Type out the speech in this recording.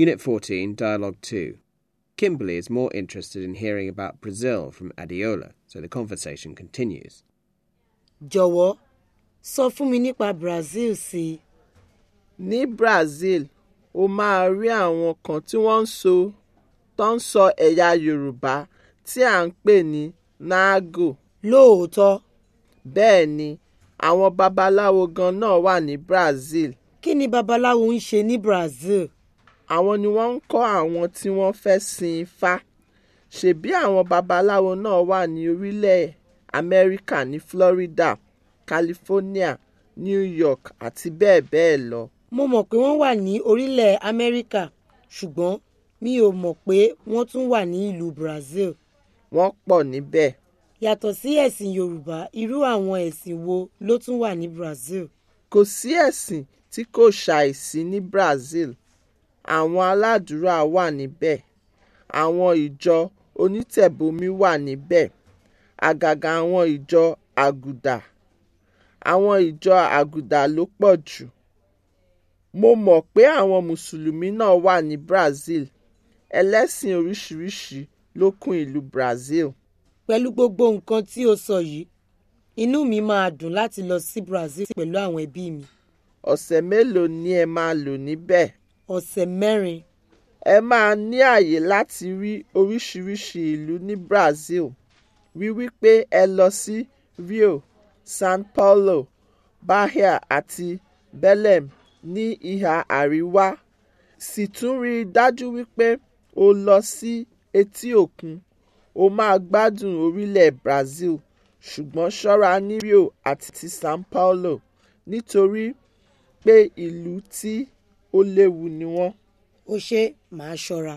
Unit 14, Dialogue 2. Kimberly is more interested in hearing about Brazil from Adiola, so the conversation continues. Jọ̀wọ́, sọ fún mi nípa Brazil sí. Ní Brazil, o máa rí àwọn kan tí wọ́n tó ń sọ Yorùbá tí à ń pè ní Nago. Lóòótọ́. Bẹ́ẹ̀ ni, àwọn babaláwo gan náà wà ní Brazil. Kí ni babaláwo ń ṣe ní Brazil? àwọn ni wọ́n ń kọ́ àwọn tí wọ́n fẹ́ sin Ifá ṣebí àwọn babaláwo náà wà ní orílẹ̀ Amẹ́ríkà ní Florida California New York àti bẹ́ẹ̀ bẹ́ẹ̀ lọ. mo mọ̀ pé wọ́n wà ní orílẹ̀ Amẹ́ríkà ṣùgbọ́n mi ò mọ̀ pé wọ́n tún wà ní ìlú Brazil. wọ́n pọ̀ níbẹ̀. yàtọ̀ sí ẹ̀sìn Yorùbá irú àwọn ẹ̀sìn wo ló tún wà ní Brazil. kò sí ẹ̀sìn tí kò ṣàìsí ní Brazil àwọn aládùúrà wà níbẹ̀ àwọn ìjọ onítẹ̀bọmi wà níbẹ̀ àgàgà àwọn ìjọ àgùdà àwọn ìjọ àgùdà ló pọ̀ jù mo mọ̀ pé àwọn mùsùlùmí náà wà ní Brazil ẹlẹ́sìn oríṣiríṣi ló kún ìlú Brazil. pẹ̀lú gbogbo nǹkan tí o sọ yìí inú mi máa dùn láti lọ sí Brazil pẹ̀lú àwọn ẹbí mi. ọ̀sẹ̀ mélòó ni ẹ máa lò níbẹ̀? ọ̀sẹ̀ mẹ́rin. ẹ máa ní àyè láti rí oríṣiríṣi ìlú ní Brazil rí wípé ẹ lọ sí Rio, São Paulo, Bahia àti Belém ní ìhà àríwá sì tún rí i dájú wípé o lọ sí etí òkun o máa gbádùn orílẹ̀ Brazil ṣùgbọ́n ṣọ́ra ní Rio àti São Paulo nítorí pé ìlú tí ó léwu ni wọ́n. ó ṣe é màá